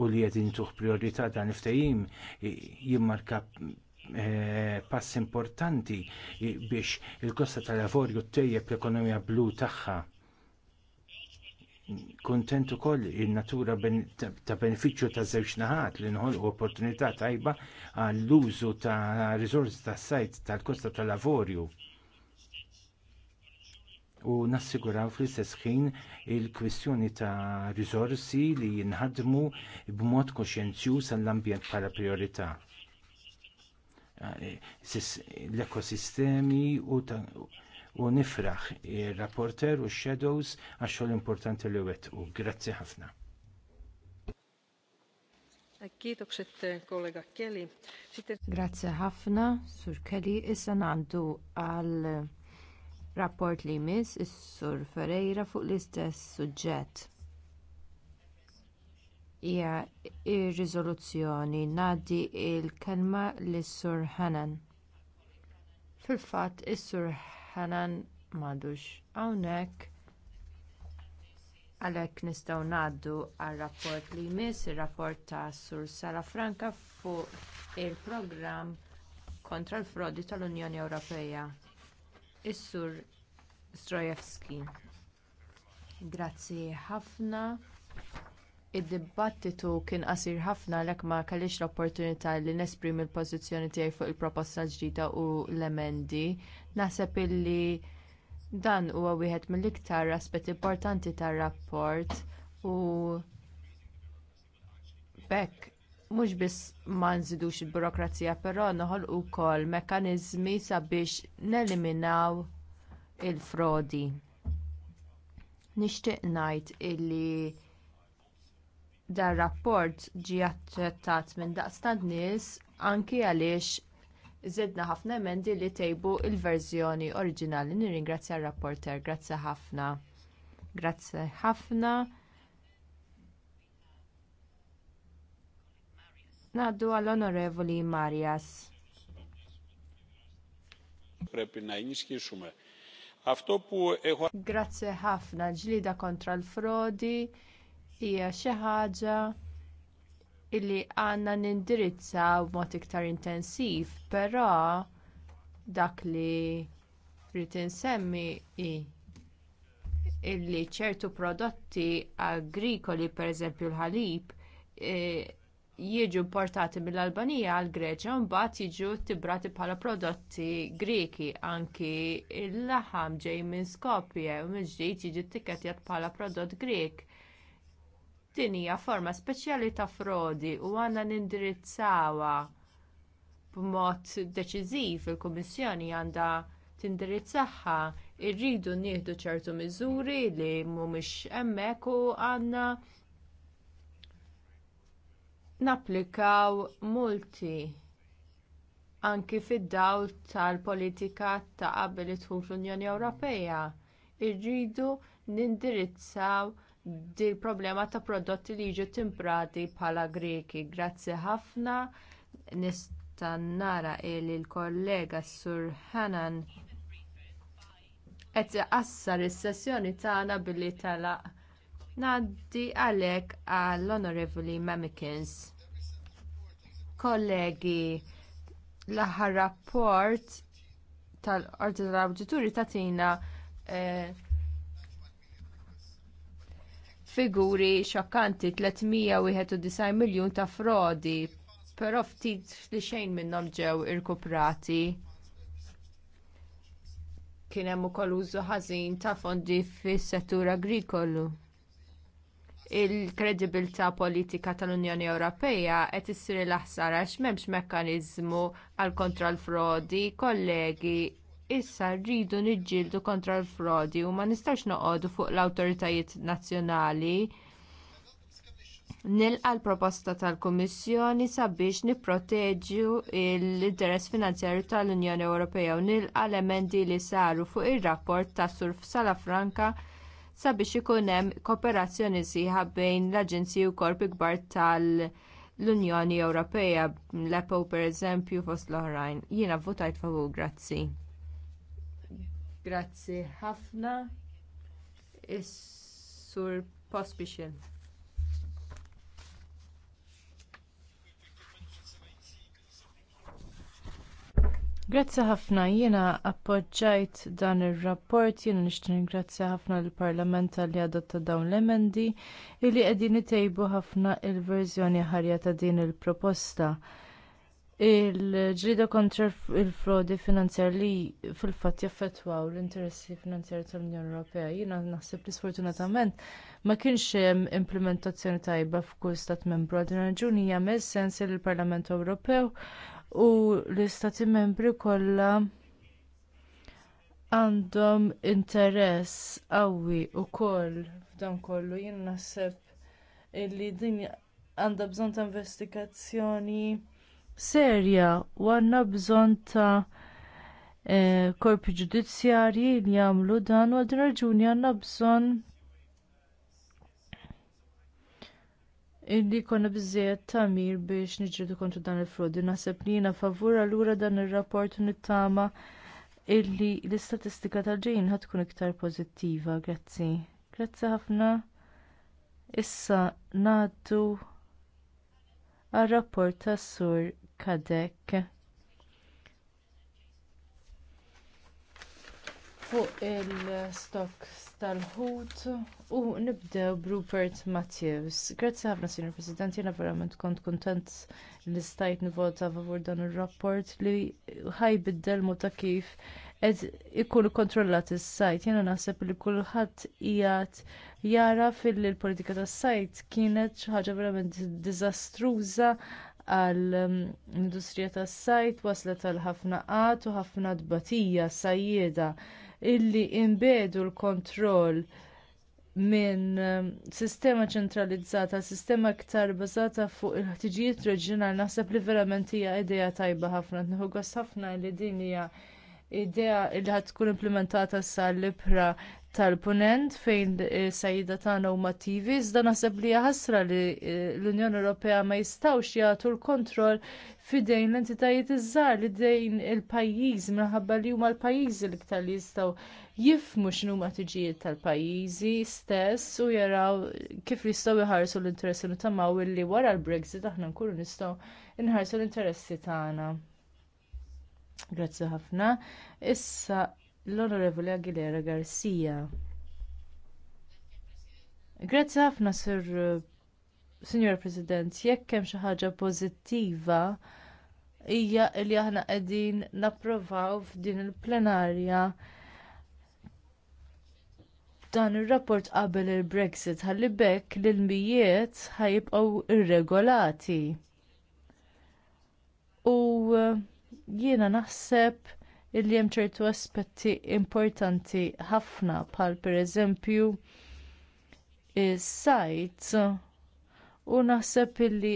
u li qed intuħ priorità dan il-ftehim eh, jimmarka eh, pass importanti biex il-kosta tal-lavorju tejjeb l-ekonomija blu tagħha kontentu koll il-natura ta' beneficju ta' żewġ naħat li nħolqu opportunità tajba għall-użu ta' riżorsi tas sajt tal-Kosta tal-Lavorju. U nassiguraw fl-istess ħin il-kwistjoni ta' rizorsi li jinħadmu b'mod koxjenzjuż għall-ambjent bħala priorità eh, l-ekosistemi u ta' u nifraħ ir-rapporter u x-shadows għax-xogħol importanti li wettqu. Grazzi ħafna. Grazzi ħafna, Sur Kelly. Issa għandu għal rapport li jmiss is-Sur Ferreira fuq l-istess suġġett. Ija ir rizoluzzjoni ngħaddi l kelma lis sur Hanan. Fil-fatt is-Sur Hanan m'għadux hawnhekk. Għalhekk nistgħu ngħaddu għar-rapport li jmiss ir-rapport ta' Sur Sara Franka fuq il-programm kontra l-frodi tal-Unjoni Ewropea. Is-Sur Strojewski. Grazzi ħafna. Id-dibattitu kien qasir ħafna għalhekk ma kellix l-opportunità li nesprimi l-pożizzjoni tiegħi fuq il-proposta ġdida u l-emendi. Naħseb illi dan huwa wieħed mill-iktar aspett importanti tar-rapport u b'hekk mhux biss ma nżidux il-burokrazija, però noħolqu wkoll mekkaniżmi sabiex neliminaw il-frodi. Nixtieq ngħid illi dar rapport ġie atċettat minn daqstant nies anki għaliex żiedna ħafna emendi li tejbu l verżjoni oriġinali. Nirringrazzja r-rapporter, grazzi ħafna. Grazzi ħafna. Naddu għall-Onorevoli Marias. Grazzi ħafna ġlieda kontra l-frodi hija xi ħaġa li għandna nindirizzaw b'mod iktar intensiv, però dak li rrid insemmi hi illi ċertu prodotti agrikoli pereżempju l-ħalib e, jiġu importati mill-Albanija għall Greċja u mbagħad jiġu tibrati bħala prodotti Greki anki l-laħam ġej minn Skopje u mill-ġdid jiġi ttikketjat bħala prodott Grek Din hija forma speċjali ta' frodi u għandna nindirizzawha b'mod deċiżiv il-Kummissjoni għandha tindirizzaħħa irridu nieħdu ċertu miżuri li mhumiex hemmhekk u għandna napplikaw multi anki fid-dawl tal-politika ta' qabel it-tħul fl-Unjoni Ewropea. Irridu nindirizzaw il problema ta' prodotti li jiġu timprati bħala Greki. Grazzi ħafna nista' nara li l-kollega Sur Hanan qed iqassar is-sessjoni tagħna billi tala ngħaddi għalhekk għall-Onorevoli Mamikins. Kollegi, l-aħħar rapport tal-Ordi tal-Awġituri tatina eh, figuri xokkanti 391 miljun ta' frodi, però ftit li xejn minnhom ġew irkuprati kien hemm ukoll użu ħażin ta' fondi fis-settur agrikolu. Il-kredibilità politika tal-Unjoni Ewropea qed issir il-ħsara m'hemmx mekkaniżmu għal kontra l-frodi, kollegi, issa rridu niġġieldu kontra l-frodi u ma nistax noqogħdu fuq l-awtoritajiet nazzjonali nilqa l-proposta tal-Kummissjoni sabiex nipproteġu l-interess finanzjarju tal-Unjoni Ewropea u nilqa l-emendi li saru fuq ir-rapport ta' Surf Salafranca sabiex ikun hemm kooperazzjoni sieħa bejn l-Aġenziji u korpi kbar tal-Unjoni Ewropea l-EPO pereżempju fost l-oħrajn. Jiena vvutajt favur grazzi. Grazzi ħafna. Is-sur Pospixin. Grazzi ħafna, jiena appoġġajt dan ir-rapport, jiena nixtieq ningrazzja ħafna lill parlament li adotta dawn l-emendi li qegħdin itejbu ħafna il-verżjoni ħarja ta' din il-proposta. il proposta il-ġrida kontra il-frodi finanzjar li fil fatt jaffettwaw l-interessi finanzjari tal-Unjoni Ewropea. Jiena naħseb li sfortunatament ma kienx hemm implementazzjoni tajba f'kull stat membru għal din raġuni hija sens li lill parlament Ewropew u l-istati membri kollha għandhom interess qawwi wkoll f'dan kollu jien naħseb li din għandha bżonn ta' investigazzjoni serja u għandna bżonn ta' e, korpi ġudizzjarji li jagħmlu dan u għal raġuni għandna bżonn illi konna biżżejjed mir biex niġġieldu kontu dan il-frodi. Naħseb li jiena favur allura dan ir-rapport u nittama illi l-istatistika tal ġejn ħatkun iktar pożittiva. Grazzi. Grazzi ħafna. Issa ngħaddu għar rapport tas-sur kadek fuq il-stocks tal-ħut u nibdew Rupert Matthews. Grazzi ħafna, Sinjor President, jena verament kont kontent li stajt nivota favur dan ir rapport li ħajbiddel mod ta' kif ed ikun kontrollat is-sajt. Jiena naħseb li kulħadd qiegħed jara fil-politika tas-sajt kienet xi ħaġa verament diżastruża Għal um, industrija tas-sajt waslet għal ħafna qatt u ħafna tbatija sajjieda illi inbedu l-kontroll minn um, sistema ċentralizzata, sistema iktar bażata fuq il-ħtiġijiet reġjonali naħseb li verament hija idea tajba ħafna. Nħu ħafna li din hija idea li ħad tkun implementata l libra tal-punent fejn eh, sajida tagħna huma mattivi, iżda naħseb li ħasra li eh, l-Unjoni Ewropea ma jistgħux jagħtu l-kontroll fidejn l-entitajiet iż li dejn il-pajjiż minħabba li huma l-pajjiżi li ktar li jistgħu jifmu x'inhu ma tiġijiet tal-pajjiżi stess u jaraw kif jistgħu jħarsu l-interessi li tamaw illi wara l-Brexit aħna nkunu nistgħu nħarsu l-interessi tagħna. Grazzi ħafna. Issa l-Onorevoli Aguilera Garcia. Grazzi ħafna sur Signor President, jekk hemm xi ħaġa pożittiva hija li aħna qegħdin napprovaw f'din il-plenarja dan ir-rapport qabel il-Brexit ħalli bekk l inbijiet ħajibqgħu irregolati. U jiena naħseb illi hemm ċertu aspetti importanti ħafna bħal pereżempju is-sajt u naħseb illi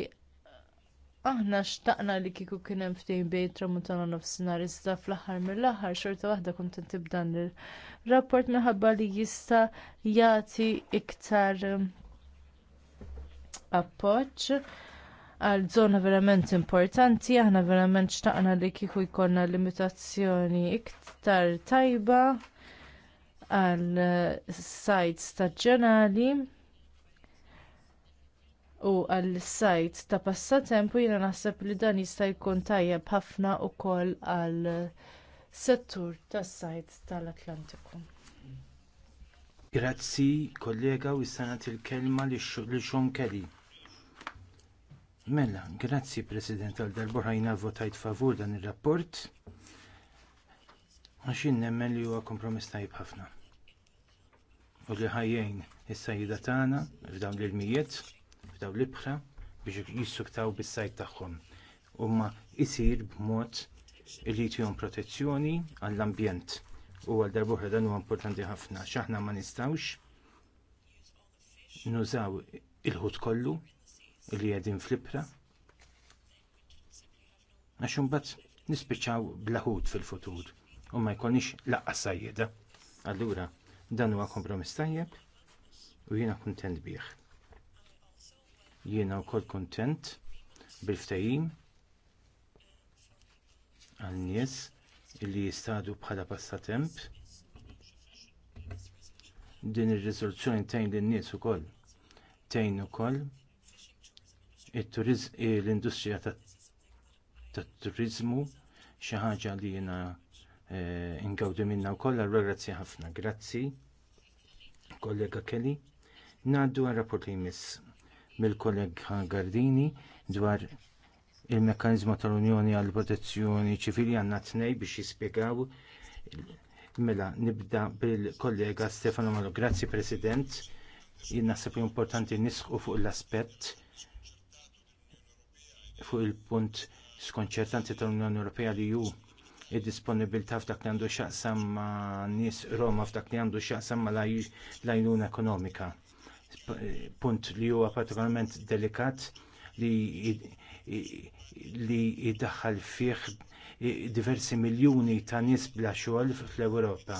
aħna xtaqna li kieku kien hemm ftehim bejn tramuntana nofsinhar iżda fl-aħħar mill-aħħar xorta waħda kontent tibdan ir-rapport minħabba li jista' jagħti iktar eh, appoġġ għal żona verament importanti, aħna verament xtaqna li kieku jkollna limitazzjoni iktar tajba għal sajt staġjonali u għall-sajt ta' passatempu jiena naħseb li dan jista' jkun tajjeb ħafna wkoll għal settur tas-sajt tal-Atlantiku. Grazzi kollega u s-sanat il-kelma li xom kelli. Mela, grazzi President għal darbohajna votajt favur dan ir rapport Għaxin nemmen li huwa kompromiss tajb ħafna. U li ħajjejn is-sajda tagħna f'dawn l-ilmijiet, f'dawn l-ibħra biex jissuktaw bis-sajt tagħhom. Umma isir b'mod li jtihom protezzjoni għall-ambjent u għal darbuħra dan huwa importanti ħafna x'aħna ma nistgħux nużaw il-ħut kollu li għedin fl-ibra. Għax imbagħad nispiċċaw blaħut fil-futur u ma jkollniex laqqas sajjeda. Allura dan huwa kompromiss tajjeb u jiena kuntent bih. Jiena wkoll kuntent bil-ftehim għal nies li jistadu bħala passatemp din ir-riżoluzzjoni tgħin lin-nies ukoll tgħin ukoll l-industrija tat turiżmu xi ħaġa li jiena eh, ingawdu minna wkoll għal grazzi ħafna. Grazzi, kollega Kelly. Ngħaddu għal rapport li jmiss mill-kollega Gardini dwar il-mekkanizmu tal-Unjoni għall protezzjoni ċivili għandna tnej biex jispjegaw mela nibda bil-kollega Stefano Malo. Grazzi President. Jien naħseb importanti nisqu fuq l-aspett fuq il-punt skonċertanti tal-Unjoni Ewropea li hu id-disponibilità f'dak li għandu x'aqsam ma' nies Roma f'dak li għandu x'aqsam ma' l-għajnuna ekonomika. Punt li huwa partikolarment delikat li li jiddaħħal fih diversi miljuni ta' nies bla xogħol fl-Ewropa.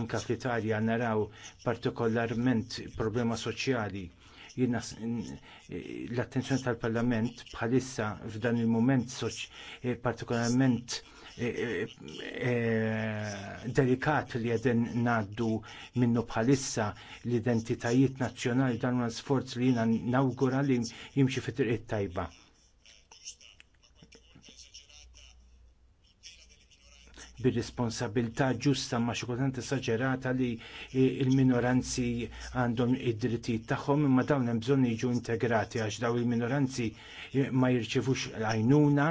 Anke fl-Italja naraw partikolarment problema soċjali Jien l-attenzjoni tal-Parlament bħalissa f'dan il-moment soċ eh, partikolarment eh, eh, delikat li għedin naddu minnu bħalissa l-identitajiet nazzjonali dan sforz li jina nawgura li jimxi fit-triq tajba. bir-responsabilità ġusta ma xukultant esaġerata li il-minoranzi għandhom id-drittijiet tagħhom imma dawn hemm bżonn jiġu integrati għax daw il-minoranzi ma jirċevux għajnuna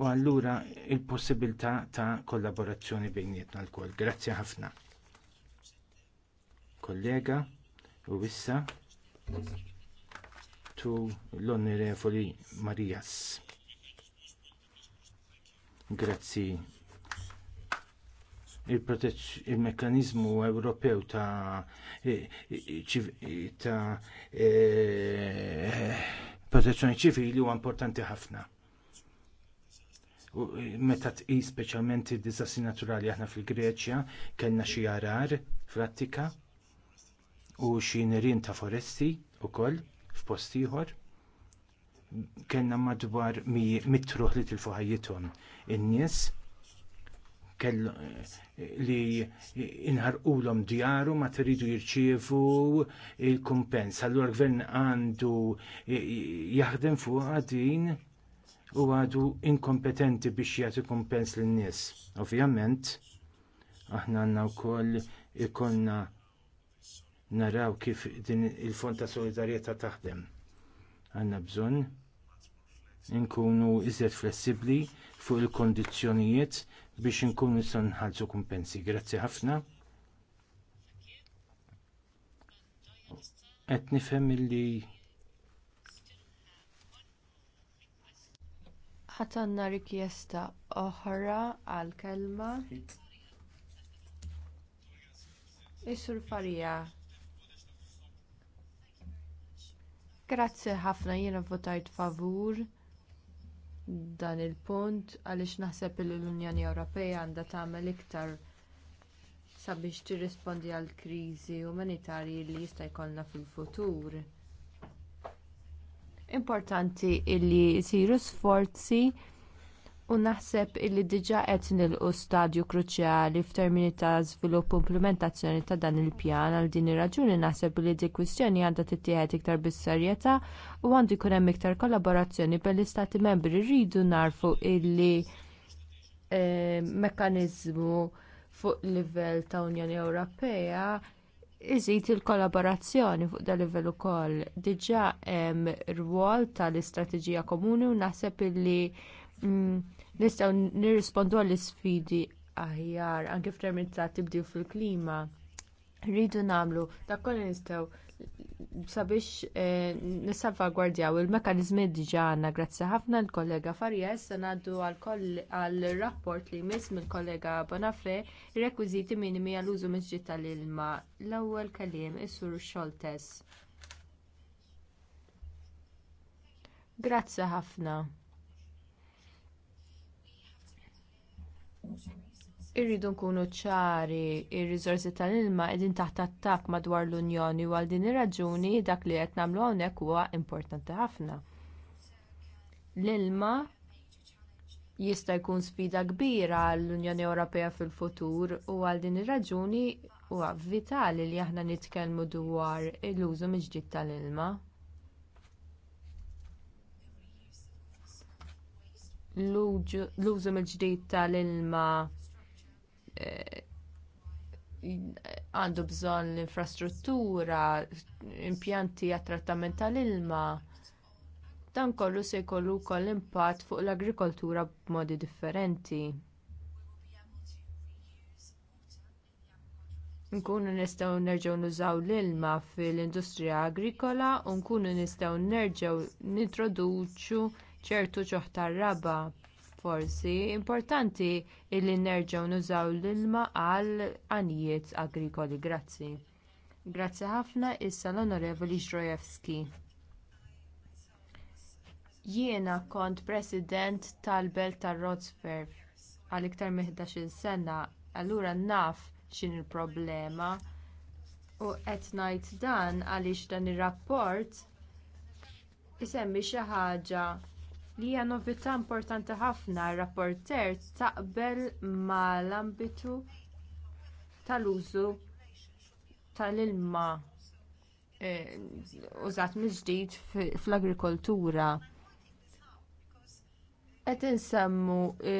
u allura il-possibilità ta' kollaborazzjoni bejnietna lkoll. Grazzi ħafna. Kollega, u issa tu l-onorevoli Marijas. Grazzi. Il-mekkanizmu il Ewropew ta' ta' e, protezzjoni ċivili huwa importanti ħafna. Meta tqis speċjalment id-disassi naturali aħna fil-Greċja kellna xi arar frattika u xi nirien ta' foresti wkoll f'post kellna madwar mitruħ li tilfu ħajjithom in-nies eh, li inħarqulhom djaru ma tridu jirċievu il-kumpens. Allura gvern għandu eh, jaħdem fuq għadin u għadu inkompetenti biex jagħti kumpens lin nies Ovvjament, aħna għandna wkoll ikonna naraw kif din il-fond ta' solidarjetà taħdem. Għandna bżonn inkunu iżjed flessibbli fuq il kondizzjonijiet biex inkunu nistgħu nħallsu kumpensi. Grazzi ħafna. Qed nifhem illi ħatanna rikjesta oħra għal kelma. Isur Farija. Grazzi ħafna jiena votajt favur dan il-punt għaliex naħseb li l-Unjoni Ewropea għandha tagħmel iktar sabiex tirrispondi għall kriżi umanitarji li jista' jkollna fil-futur. Importanti li jsiru sforzi u naħseb illi diġà qed nilqu stadju kruċjali f'termini ta' żvilupp u implementazzjoni ta' dan il-pjan għal din ir-raġuni naħseb li di kwistjoni għandha tittieħed iktar bis-serjetà u għandu jkun hemm iktar kollaborazzjoni bejn l-istati membri rridu narfu illi eh, mekkaniżmu fuq livell ta' Unjoni Ewropea iżid il-kollaborazzjoni fuq dal livell ukoll. Diġà hemm rwol tal-istrateġija komuni u naħseb illi mm, nistgħu nirrispondu għall isfidi aħjar anke f'termin ta' tibdil fil-klima. Rridu nagħmlu dak kollu nistgħu sabiex eh, nissalvagwardjaw il-mekkaniżmi diġà għandna grazzi ħafna l-kollega Farjes se ngħaddu għal rapport li jmiss mill-kollega Bonafre ir-rekwiżiti minimi għall użu miġġi tal-ilma l-ewwel kellim is-sur Xoltes. Grazzi ħafna. Irridu nkunu ċari, ir-riżorsi tal-ilma qegħdin taħt attakk madwar l-Unjoni u għal din ir-raġuni dak li qed nagħmlu hawnhekk huwa importanti ħafna. L-ilma jista' jkun sfida kbira għall unjoni Ewropea fil-futur u għal din ir-raġuni huwa vitali li aħna nitkellmu dwar l-użu mill-ġdid tal-ilma. l-użu mill-ġdid tal-ilma eh, għandu bżonn l-infrastruttura, impjanti għat trattament tal-ilma. Dan kollu se jkollu wkoll impatt fuq l-agrikoltura b'modi differenti. nkunu nistgħu nerġgħu nużaw l-ilma fil-industrija agrikola u nkunu nistgħu nerġgħu nintroduċu ċertu ġoħ tar-raba forsi importanti li nerġgħu nużaw l-ilma għal għanijiet agrikoli. Grazzi. Grazzi ħafna issa l-Onorevoli Ġrojewski. Jiena kont president tal-Belt tar-Rotsferf għal iktar minn 11 sena, allura naf x'in il-problema u qed ngħid dan għaliex dan ir-rapport isemmi xi ħaġa li hija novità importanti ħafna r-rapporter taqbel mal-ambitu tal-użu tal-ilma e, użat mill-ġdid fl-agrikoltura. Qed insemmu